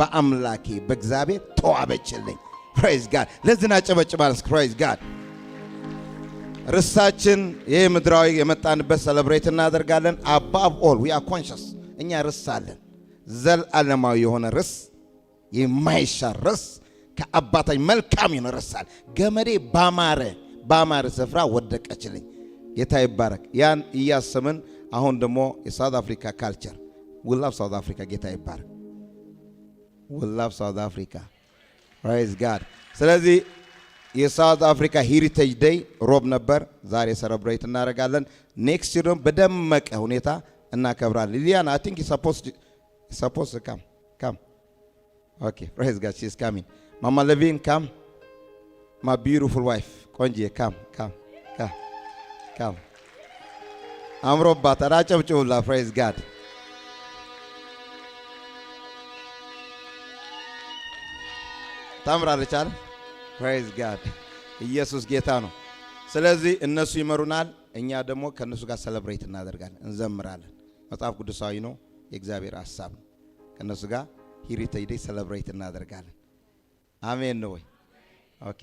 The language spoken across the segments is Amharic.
በአምላኬ በእግዚአብሔር ተዋበችልኝ። ፕራይዝ ጋድ ለዝና ጨበጭባል። ፕራይዝ ጋድ ርሳችን ይህ ምድራዊ የመጣንበት ሰለብሬት እናደርጋለን። አባብ ኦል ዊ አር ኮንሽስ እኛ ርስ አለን። ዘል ዘላለማዊ የሆነ ርስ፣ የማይሻር ርስ፣ ከአባታኝ መልካም የሆነ ርስ አለ። ገመዴ ባማረ ባማረ ስፍራ ወደቀችልኝ። ጌታ ይባረክ። ያን እያስምን አሁን ደግሞ የሳውት አፍሪካ ካልቸር ውላብ ሳውት አፍሪካ ጌታ ይባረክ። will love South Africa. Praise God. ስለዚህ የሳውት አፍሪካ ሄሪቴጅ ዴይ ሮብ ነበር። ዛሬ ሰረብሬት እናደርጋለን። ኔክስት ይር ደግሞ በደመቀ ሁኔታ እናከብራለን። ሊሊያና አይ ቲንክ ሰፖስ ካም ካም ኦኬ ፕሬዝ ጋድ ሺ ኢዝ ማማ ለቪን ካም ማይ ቢዩቲፉል ዋይፍ ቆንጆዬ ካም ካም ካም ካም አምሮባት አጨብጭቡላ ፕሬዝ ጋድ ታምራለች አለ። ፕሬዝ ጋድ ኢየሱስ ጌታ ነው። ስለዚህ እነሱ ይመሩናል፣ እኛ ደግሞ ከእነሱ ጋር ሰለብሬት እናደርጋለን፣ እንዘምራለን። መጽሐፍ ቅዱሳዊ ነው፣ የእግዚአብሔር ሀሳብ ነው። ከእነሱ ጋር ሄሪቴጅ ዴይ ሰለብሬት እናደርጋለን። አሜን ነው ወይ? ኦኬ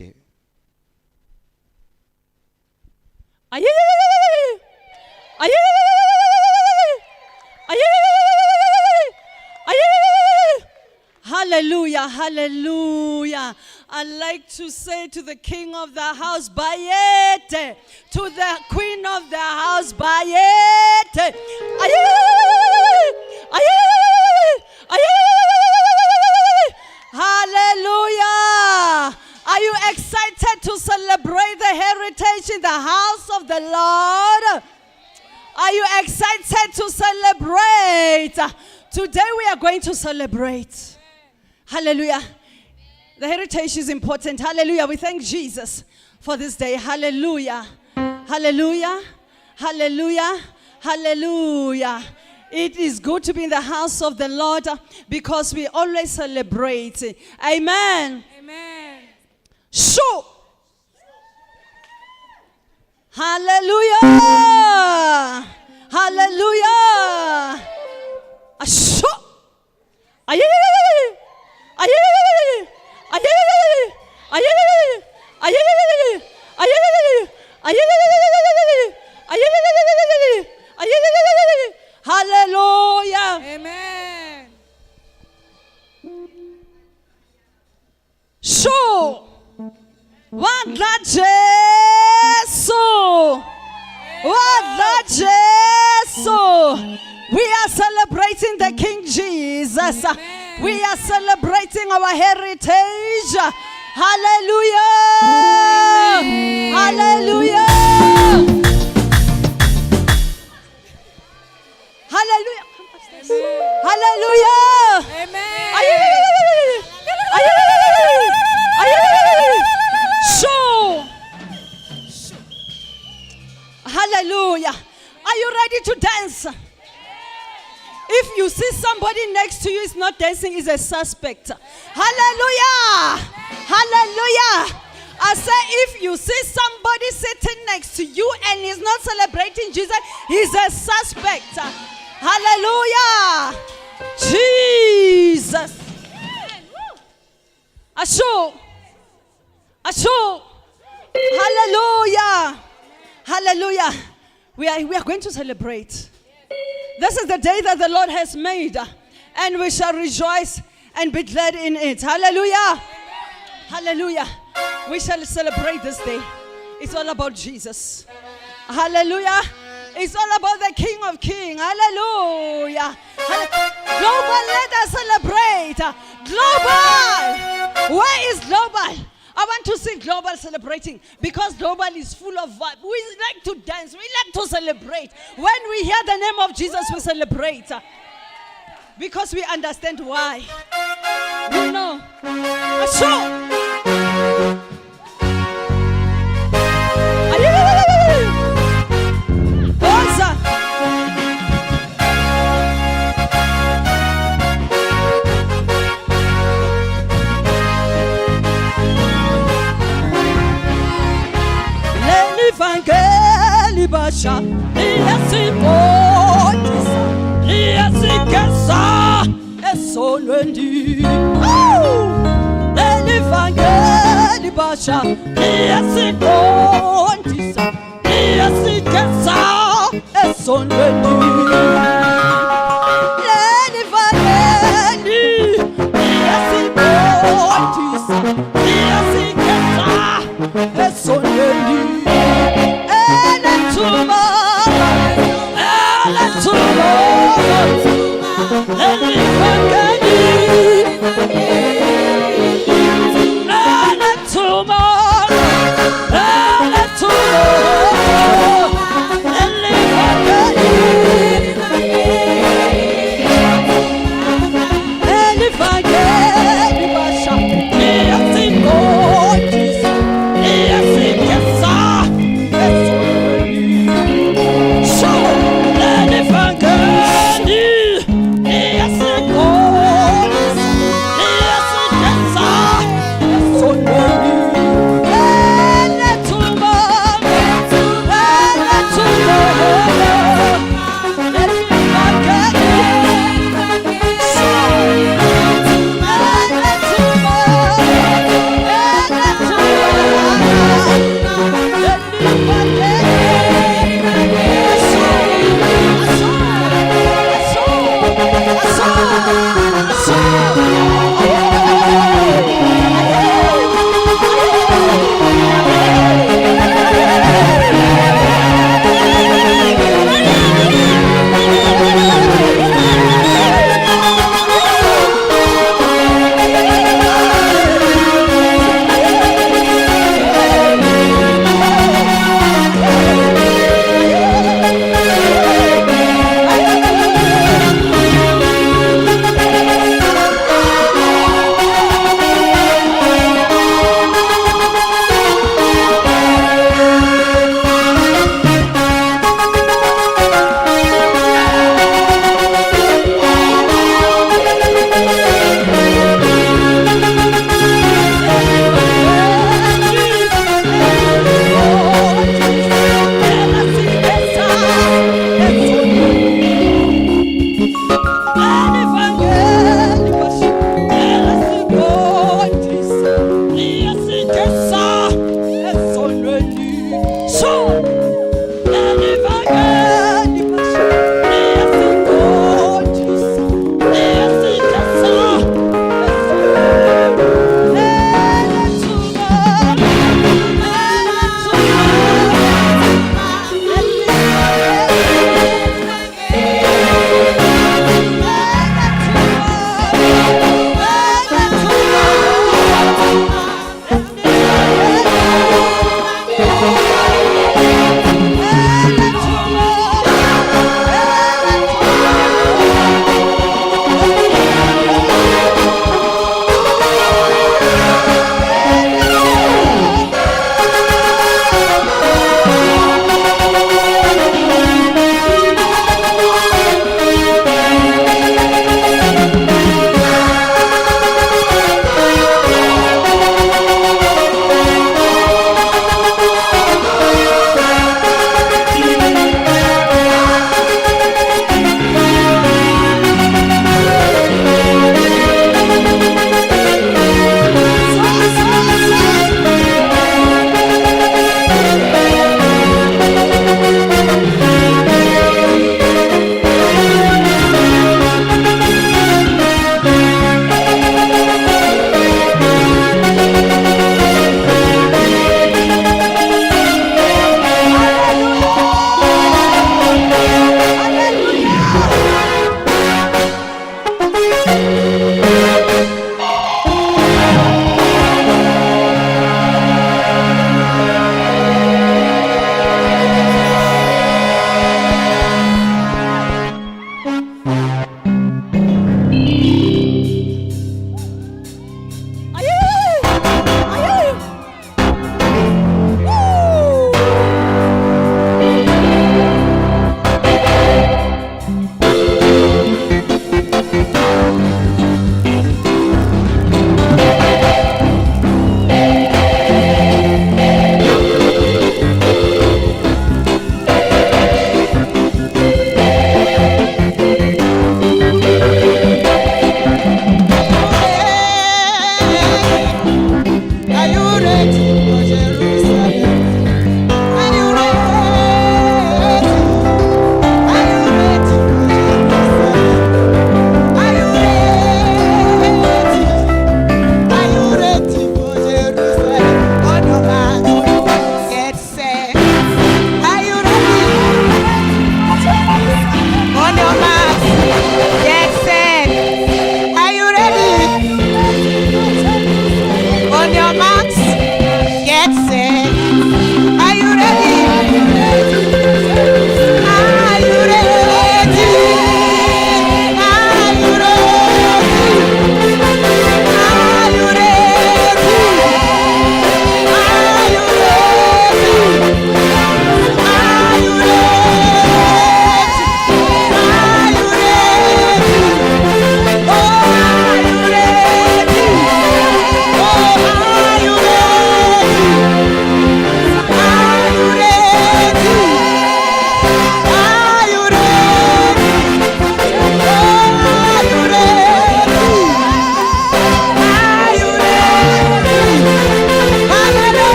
አይ Hallelujah, hallelujah. i like to say to the king of the house, Bayete, to the queen of the house, Bayete. Aye, aye, aye. Hallelujah. Are you excited to celebrate the heritage in the house of the Lord? Are you excited to celebrate? Today we are going to celebrate. Hallelujah. The heritage is important. Hallelujah. We thank Jesus for this day. Hallelujah. Hallelujah. Hallelujah. Hallelujah. It is good to be in the house of the Lord because we always celebrate. Amen. Amen. Shoo. Hallelujah. Hallelujah. Shoo. Aye. Hallelujah. Amen. So, wadla Jesu. Wadla Jesu. We are celebrating the King Jesus. We are celebrating our heritage. Hallelujah. Hallelujah. Hallelujah. Hallelujah. Amen. hallelujah. Are you ready to dance? If you see somebody next to you is not dancing, is a suspect. Hallelujah! Hallelujah! I say, if you see somebody sitting next to you and he's not celebrating Jesus, he's a suspect. Hallelujah! Jesus. Ashu. Ashu. Hallelujah. Hallelujah. We are, we are going to celebrate. This is the day that the Lord has made, and we shall rejoice and be glad in it. Hallelujah. Hallelujah. We shall celebrate this day. It's all about Jesus. Hallelujah. It's all about the King of Kings. Hallelujah. Global, let us celebrate. Global. Where is global? I want to see global celebrating because global is full of vibe. We like to dance, we like to celebrate. When we hear the name of Jesus, we celebrate because we understand why. You know. So, rocha e esse monte e esse queça é solo endi uh! ele vangue ele baixa e esse monte e esse queça é solo endi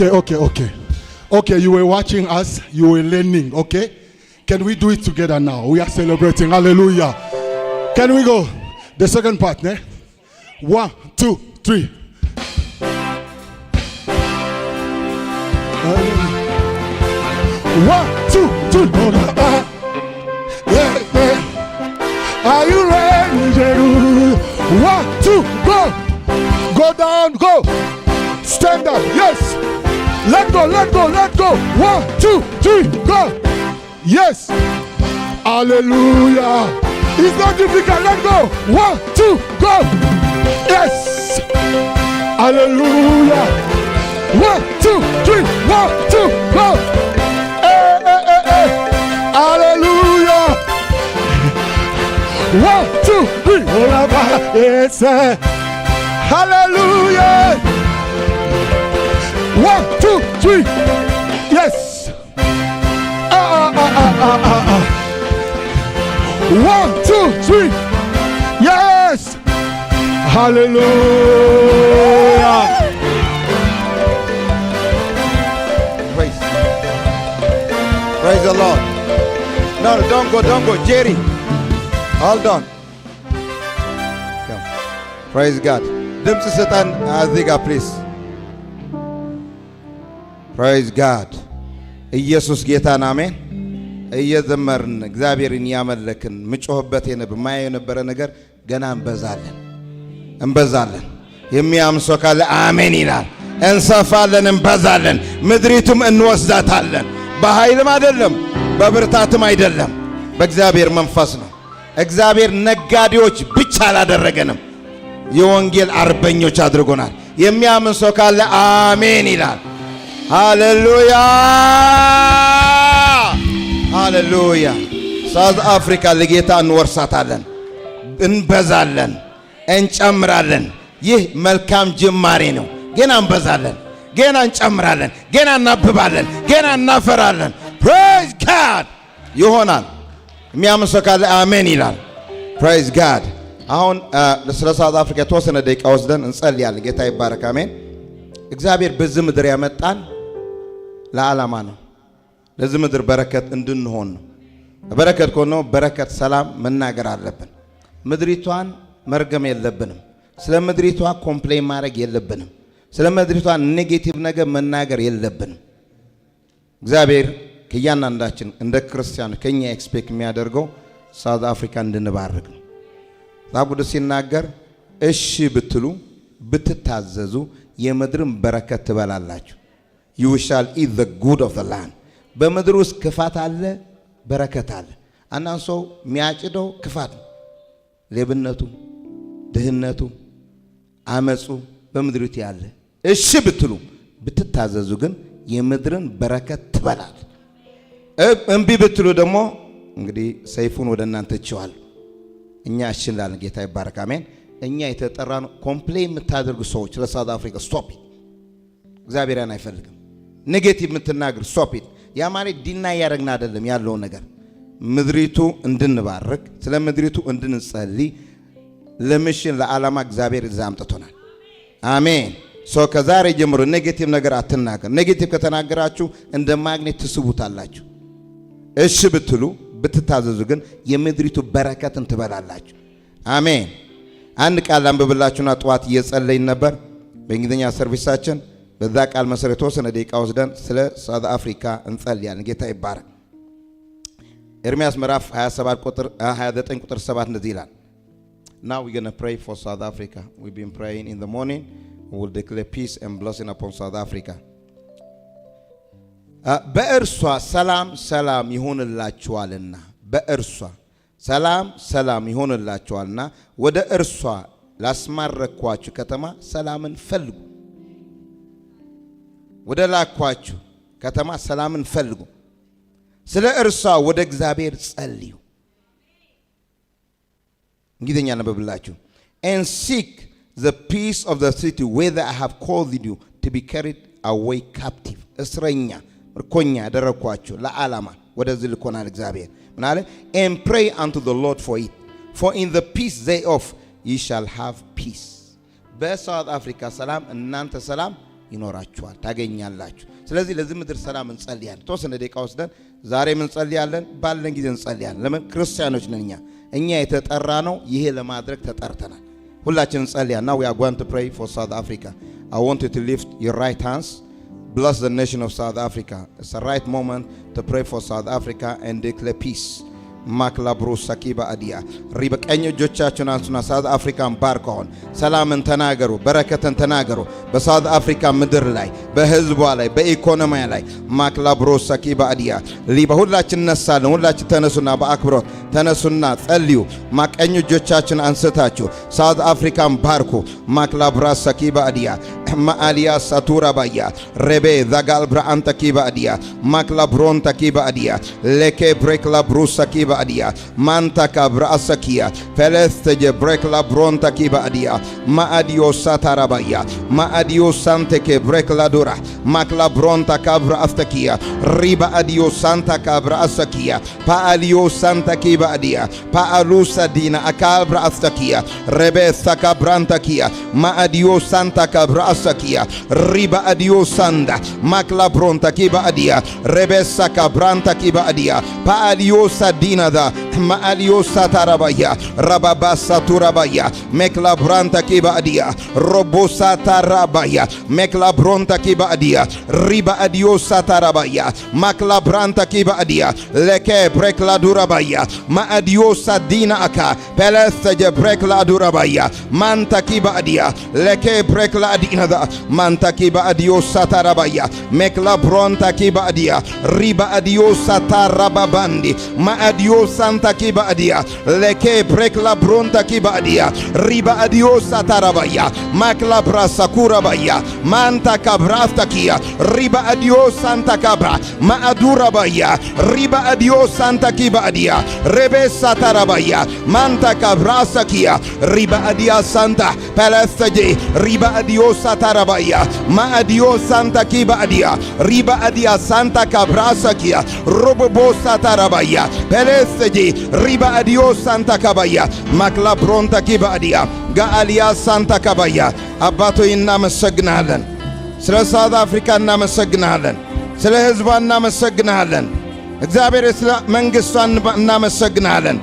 Okay, okay, okay. Okay, you were watching us, you were learning, okay? Can we do it together now? We are celebrating. Hallelujah. Can we go? The second part, eh? One, two, three. One, two, two. Yeah, yeah. Are you ready? One, two, go. Go down, go. Stand up, yes. Let go, let go, let go. One, two, three, go. Yes. Hallelujah. It's not difficult. Let go. One, two, go. Yes. Hallelujah. One, two, three, one, two, go. Hey, hey, hey, hey. Hallelujah. One, two, three. Yes. Hallelujah. victory. Yes. Ah, ah, ah, ah, ah, ah, ah. One, two, three. Yes. Hallelujah. Praise. Praise the Lord. No, don't go, don't go. Jerry. All done. Come. Praise God. Them to Satan, Aziga, uh, please. ፕራይዝ ጋድ ኢየሱስ ጌታን አሜን። እየዘመርን እግዚአብሔርን ያመለክን ምጮህበት የማየ የነበረ ነገር ገና እንበዛለን እንበዛለን። የሚያምሶ ካለ አሜን ይላል። እንሰፋለን፣ እንበዛለን፣ ምድሪቱም እንወስዳታለን። በኃይልም አይደለም በብርታትም አይደለም፣ በእግዚአብሔር መንፈስ ነው። እግዚአብሔር ነጋዴዎች ብቻ አላደረገንም፣ የወንጌል አርበኞች አድርጎናል። የሚያምን ሰው ካለ አሜን ይላል። ሃሌሉያ ሃሌሉያ። ሳውዝ አፍሪካ ለጌታ እንወርሳታለን፣ እንበዛለን፣ እንጨምራለን። ይህ መልካም ጅማሬ ነው። ገና እንበዛለን፣ ገና እንጨምራለን፣ ገና እናብባለን፣ ገና እናፈራለን። ፕሬዝ ጋድ ይሆናል። የሚያምን ሰው ካለ አሜን ይላል። ፕሬዝ ጋድ። አሁን ስለ ሳውዝ አፍሪካ የተወሰነ ደቂቃ ወስደን እንጸልያለን። ጌታ ይባረክ። አሜን። እግዚአብሔር በዚህ ምድር ያመጣን ለዓላማ ነው። ለዚህ ምድር በረከት እንድንሆን ነው። በረከት ከሆነ በረከት ሰላም መናገር አለብን። ምድሪቷን መርገም የለብንም። ስለ ምድሪቷ ኮምፕሌን ማድረግ የለብንም። ስለ ምድሪቷ ኔጌቲቭ ነገር መናገር የለብንም። እግዚአብሔር ከእያንዳንዳችን እንደ ክርስቲያን ከኛ ኤክስፔክት የሚያደርገው ሳውዝ አፍሪካ እንድንባርግ ነው። መጽሐፍ ቅዱስ ሲናገር እሺ ብትሉ ብትታዘዙ የምድርን በረከት ትበላላችሁ። you shall eat the good of the land በምድር ውስጥ ክፋት አለ፣ በረከት አለ። አንዳንድ ሰው የሚያጭደው ክፋት ነው። ሌብነቱ፣ ድህነቱ፣ አመፁ በምድሪቱ ያለ። እሺ ብትሉ ብትታዘዙ ግን የምድርን በረከት ትበላል። እምቢ ብትሉ ደግሞ እንግዲህ ሰይፉን ወደ እናንተ እችዋል። እኛ እሺ እንላለን። ጌታ ይባረክ። አሜን። እኛ የተጠራ ነው። ኮምፕሌን የምታደርጉ ሰዎች ለሳውት አፍሪካ ስቶፕ። እግዚአብሔርን አይፈልግም። ኔጌቲቭ የምትናገር ስቶፒት ያ ማለት ዲና እያደረግን አይደለም ያለው ነገር ምድሪቱ እንድንባርክ ስለ ምድሪቱ እንድንጸልይ ለምሽን ለዓላማ እግዚአብሔር እዛ አምጥቶናል። አሜን። ሰው ከዛሬ ጀምሮ ኔጌቲቭ ነገር አትናገር። ኔጌቲቭ ከተናገራችሁ እንደ ማግኔት ትስቡታላችሁ። እሺ ብትሉ ብትታዘዙ ግን የምድሪቱ በረከትን ትበላላችሁ። አሜን። አንድ ቃል አንብብላችሁና ጠዋት እየጸለይን ነበር በእንግሊዝኛ ሰርቪሳችን በዛ ቃል መሰረት የተወሰነ ደቂቃ ወስደን ስለ ሳውዝ አፍሪካ እንጸልያለን። ጌታ ይባረክ። ኤርሚያስ ምዕራፍ 27 ቁጥር 29 ቁጥር 7 እንደዚህ ይላል። Now we're going to pray for South Africa. We've been praying in the morning. We'll declare peace and blessing upon South Africa. በእርሷ ሰላም ሰላም ይሆንላችኋልና በእርሷ ሰላም ሰላም ይሆንላችኋልና ወደ እርሷ ላስማረኳችሁ ከተማ ሰላምን ፈልጉ ወደ ላኳችሁ ከተማ ሰላምን ፈልጉ፣ ስለ እርሷ ወደ እግዚአብሔር ጸልዩ። እንግሊዝኛ ነበብላችሁ and seek the peace of the city whether I have called you to be carried away captive እስረኛ ምርኮኛ ያደረግኳችሁ ለዓላማ ወደዚህ ልኮናል እግዚአብሔር ምን አለ and pray unto the Lord for it for in the peace thereof ye shall have peace በሳውት አፍሪካ ሰላም እናንተ ሰላም ይኖራችኋል፣ ታገኛላችሁ። ስለዚህ ለዚህ ምድር ሰላም እንጸልያለን። ተወሰነ ደቂቃ ወስደን ዛሬም እንጸልያለን፣ ባለን ጊዜ እንጸልያለን። ለምን ክርስቲያኖች ነን እኛ እኛ የተጠራ ነው ይሄ ለማድረግ ተጠርተናል። ሁላችን እንጸልያ ና ዊ ፕሬይ ፎር አፍሪካ አይ ዋንት ዩ ቱ ሊፍት ዩር ራይት ሃንድስ ብለስ ዘ ኔሽን ኦፍ ሳውዝ አፍሪካ ኢትስ አ ራይት ሞመንት ቱ ፕሬይ ፎር ሳውዝ አፍሪካ ኤንድ ዲክሌር ፒስ ማክላብሮስ ሳኪባ አዲያ ሪበ ቀኝ እጆቻችሁን አንሱና ሳውዝ አፍሪካን ባርክ ሰላምን ተናገሩ፣ በረከትን ተናገሩ። በሳውዝ አፍሪካ ምድር ላይ በህዝቧ ላይ በኢኮኖሚ ላይ ማክላብሮስ ሳኪባ አዲያ ሪበ ሁላችን እነሳለን። ሁላችን ተነሱና በአክብሮት ተነሱና ጸልዩ። ማቀኝ እጆቻችን አንስታችሁ ሳውዝ አፍሪካን ባርኩ። ማክላብራስ ሳኪባ አዲያ maalia satura baya rebe dagalbra anta kiba adia makla bronta kiba adia leke brekla brusa kiba adia manta kabra asakia felesteje brekla bronta kiba adia ma adio satara baya adio sante ke brekla dura makla bronta kabra astakia riba adio santa kabra asakia paalio santa kiba adia paalusa dina akabra astakia rebe sakabranta kia adio santa kabra asakia sakia riba adio sanda makla bronta kiba adia rebesa kabranta kiba adia pa sadina da ማአልዮሳ ታራባያ ረባባሳ ቱራባያ ሜክላብራንታ ኪባአዲያ ሮቦሳ ታራባያ ሜክላብሮንታ ኪባአዲያ ሪባአዲዮሳ ታራባያ ማክላብራንታ ኪባአዲያ ለኬ ብሬክላዱራባያ ማአዲዮሳ ዲና አካ ፔለሰጀ ብሬክላዱራባያ ማንታ ኪባአዲያ ለኬ ብሬክላዲናዛ ማንታ ኪባአዲዮሳ ታራባያ ሜክላብሮንታ ኪባአዲያ ሪባአዲዮሳ ታራባባንዲ ማአዲዮሳንታ bronta kibaadia leke prekla bronta kibaadia ribaadiosa tarabaya makla brasakurabaya manta kabraftakia ribaadios santa kabra maadurabaya ribaadios santa kibaadia rebesa tarabaya manta kabrasakia ribaadia santa palastaje ribaadiosa tarabaya maadios santa kibaadia ribaadia santa kabrasakia robobosa tarabaya peleseje ሪባአዲዮ ሳንታ ካባያ ማክላ ብሮንታኪ ባአዲያ ጋአልያ ሳንታ ካባያ አባቶይ እናመሰግናለን። ስለ ሳውት አፍሪካ እናመሰግናለን። ስለ ሕዝቧ እናመሰግናለን። እግዚአብሔር ስለ መንግሥቷ እናመሰግናለን።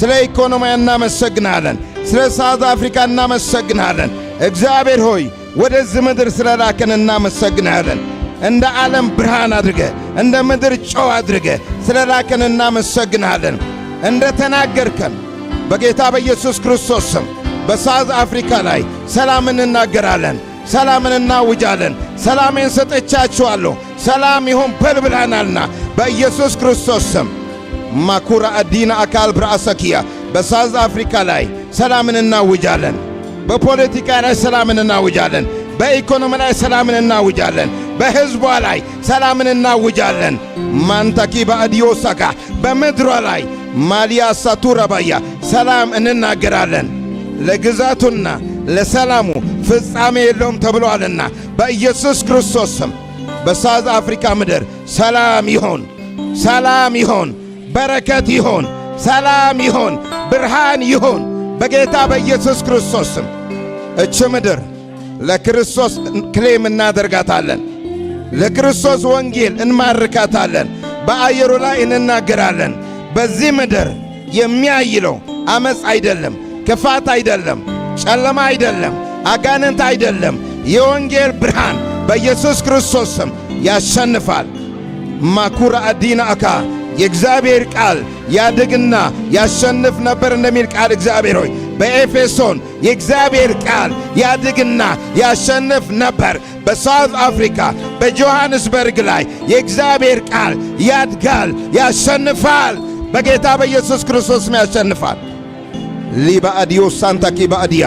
ስለ ኢኮኖሚያ እናመሰግናለን። ስለ ሳውት አፍሪካ እናመሰግናለን። እግዚአብሔር ሆይ ወደዚህ ምድር ስለ ላከን እናመሰግናለን። እንደ ዓለም ብርሃን አድርገ እንደ ምድር ጨው አድርገ ስለ ላከን እናመሰግናለን። እንደ ተናገርከን በጌታ በኢየሱስ ክርስቶስ ስም በሳውዝ አፍሪካ ላይ ሰላምን እናገራለን፣ ሰላምን እናውጃለን። ሰላሜን ሰጠቻችኋለሁ፣ ሰላም ይሁን በልብላናልና በኢየሱስ ክርስቶስ ስም ማኩራ አዲና አካል ብራአሰኪያ በሳውዝ አፍሪካ ላይ ሰላምን እናውጃለን። በፖለቲካ ላይ ሰላምን እናውጃለን። በኢኮኖሚ ላይ ሰላምን እናውጃለን። በሕዝቧ ላይ ሰላምን እናውጃለን። ማንታኪ በአዲዮሳካ በምድሯ ላይ ማሊያ ሳቱራባያ ሰላም እንናገራለን። ለግዛቱና ለሰላሙ ፍጻሜ የለውም ተብሏልና በኢየሱስ ክርስቶስ ስም በሳውዝ አፍሪካ ምድር ሰላም ይሆን፣ ሰላም ይሆን፣ በረከት ይሆን፣ ሰላም ይሆን፣ ብርሃን ይሆን በጌታ በኢየሱስ ክርስቶስ ስም። እች ምድር ለክርስቶስ ክሌም እናደርጋታለን። ለክርስቶስ ወንጌል እንማርካታለን። በአየሩ ላይ እንናገራለን። በዚህ ምድር የሚያይለው አመፅ አይደለም፣ ክፋት አይደለም፣ ጨለማ አይደለም፣ አጋንንት አይደለም። የወንጌል ብርሃን በኢየሱስ ክርስቶስ ስም ያሸንፋል። ማኩራ አዲና አካ የእግዚአብሔር ቃል ያድግና ያሸንፍ ነበር እንደሚል ቃል እግዚአብሔር ሆይ በኤፌሶን የእግዚአብሔር ቃል ያድግና ያሸንፍ ነበር። በሳውት አፍሪካ በጆሐንስበርግ ላይ የእግዚአብሔር ቃል ያድጋል፣ ያሸንፋል። በጌታ በኢየሱስ ክርስቶስ ያሸንፋል። ሊባአዲዮ ሳንታኪ ባአዲያ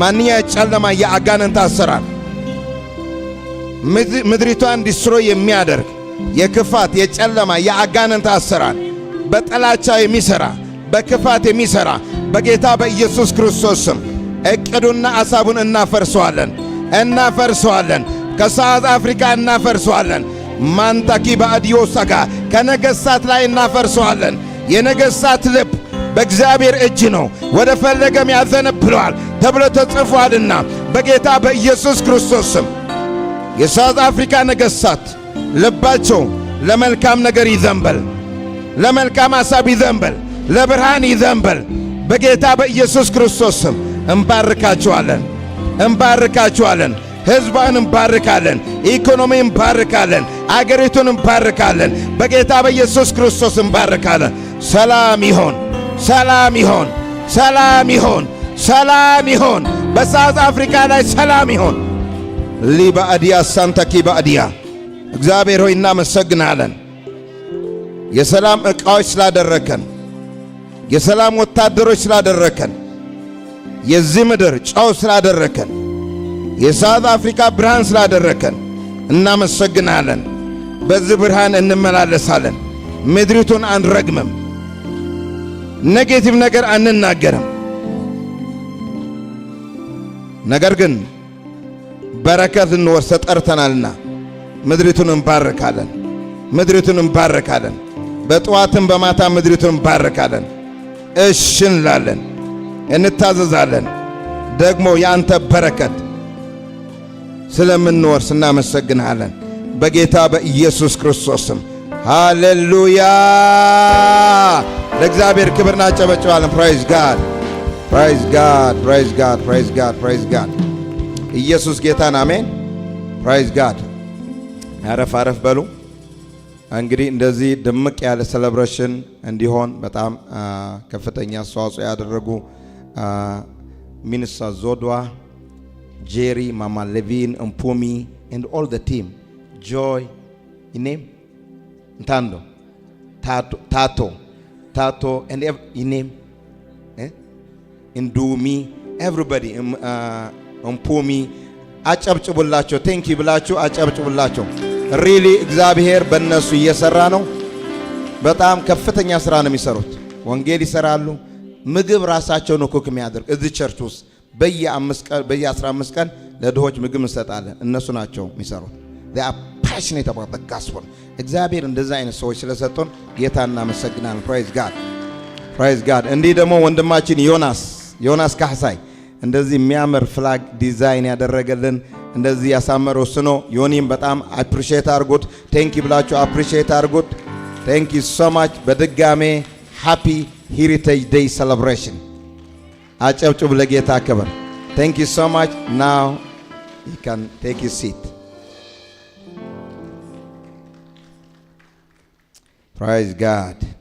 ማንኛ የጨለማ የአጋንንት አሰራር ምድሪቷን ዲስትሮ የሚያደርግ የክፋት የጨለማ የአጋንንት አሰራር በጠላቻ የሚሠራ በክፋት የሚሠራ በጌታ በኢየሱስ ክርስቶስ ስም አሳቡን እናፈርሰዋለን፣ እናፈርሰዋለን። ከሳውዝ አፍሪካ እናፈርሰዋለን። ማንታኪ ባዕድዮ ሳጋ ከነገሥታት ላይ እናፈርሰዋለን። የነገሥታት ልብ በእግዚአብሔር እጅ ነው፣ ወደ ፈለገም ያዘነብለዋል ተብሎ ተጽፏልና በጌታ በኢየሱስ ክርስቶስ ስም የሳውዝ አፍሪካ ነገሥታት ልባቸው ለመልካም ነገር ይዘንበል፣ ለመልካም ሐሳብ ይዘንበል፣ ለብርሃን ይዘንበል። በጌታ በኢየሱስ ክርስቶስ ስም እንባርካችኋለን፣ እንባርካችኋለን። ህዝቧን እንባርካለን፣ ኢኮኖሚ እንባርካለን፣ አገሪቱን እንባርካለን። በጌታ በኢየሱስ ክርስቶስ እንባርካለን። ሰላም ይሆን፣ ሰላም ይሆን፣ ሰላም ይሆን፣ ሰላም ይሆን። በሳውዝ አፍሪካ ላይ ሰላም ይሆን። ሊባዕድያ ሳንተኪ ባዕድያ እግዚአብሔር ሆይ እናመሰግናለን። የሰላም ዕቃዎች ስላደረከን፣ የሰላም ወታደሮች ስላደረከን፣ የዚህ ምድር ጨው ስላደረከን የሳውዝ አፍሪካ ብርሃን ስላደረከን እናመሰግናለን። በዚህ ብርሃን እንመላለሳለን። ምድሪቱን አንረግምም። ኔጌቲቭ ነገር አንናገርም። ነገር ግን በረከት እንወርስ ተጠርተናልና ምድሪቱን እንባርካለን። ምድሪቱን እንባርካለን። በጠዋትም በማታ ምድሪቱን እንባርካለን። እሽ እንላለን፣ እንታዘዛለን። ደግሞ የአንተ በረከት ስለምንወርስ እናመሰግንሃለን። በጌታ በኢየሱስ ክርስቶስ ስም ሃሌሉያ። ለእግዚአብሔር ክብር እናጨበጭባለን። ፕራይዝ ጋድ፣ ፕራይዝ ጋድ፣ ፕራይዝ ጋድ፣ ፕራይዝ ጋድ፣ ፕራይዝ ጋድ። ኢየሱስ ጌታን አሜን። ፕራይዝ ጋድ። አረፍ አረፍ በሉ። እንግዲህ እንደዚህ ድምቅ ያለ ሴሌብሬሽን እንዲሆን በጣም ከፍተኛ አስተዋጽኦ ያደረጉ ሚኒስተር ዞድዋ Jerry, Mama Levine, Mpumi, and all the team. Joy, Inem, Ntando, Tato, Tato, Tato, and ev- Inem, eh? Ndumi, everybody, um, uh, Mpumi. አጨብጭቡላቸው። ቴንኪ ብላችሁ አጨብጭቡላቸው። ሪሊ እግዚአብሔር በእነሱ እየሰራ ነው። በጣም ከፍተኛ ስራ ነው የሚሰሩት። ወንጌል ይሰራሉ። ምግብ ራሳቸው ነው ኩክ የሚያደርግ እዚህ ቸርች ውስጥ በየአስራ አምስት ቀን ለድሆች ምግብ እንሰጣለን። እነሱ ናቸው የሚሰሩት። ፓሽኔት አባት ጋስፖል እግዚአብሔር እንደዛ አይነት ሰዎች ስለሰጡን ጌታ እናመሰግናለን። ፕራይዝ ጋድ ፕራይዝ ጋድ። እንዲህ ደግሞ ወንድማችን ዮናስ ዮናስ ካህሳይ እንደዚህ የሚያምር ፍላግ ዲዛይን ያደረገልን እንደዚህ ያሳመረው ስኖ ዮኒም በጣም አፕሪሼት አድርጉት። ቴንኪ ብላችሁ አፕሪሼት አድርጉት። ቴንኪ ሶማች። በድጋሜ ሃፒ ሄሪቴጅ ዴይ ሴሌብሬሽን አጨብጭቡ ለጌታ ክብር። ቴንክ ዩ ሶ ማች ናው ዩ ካን ቴክ ዩ ሲት ፕራይዝ ጋድ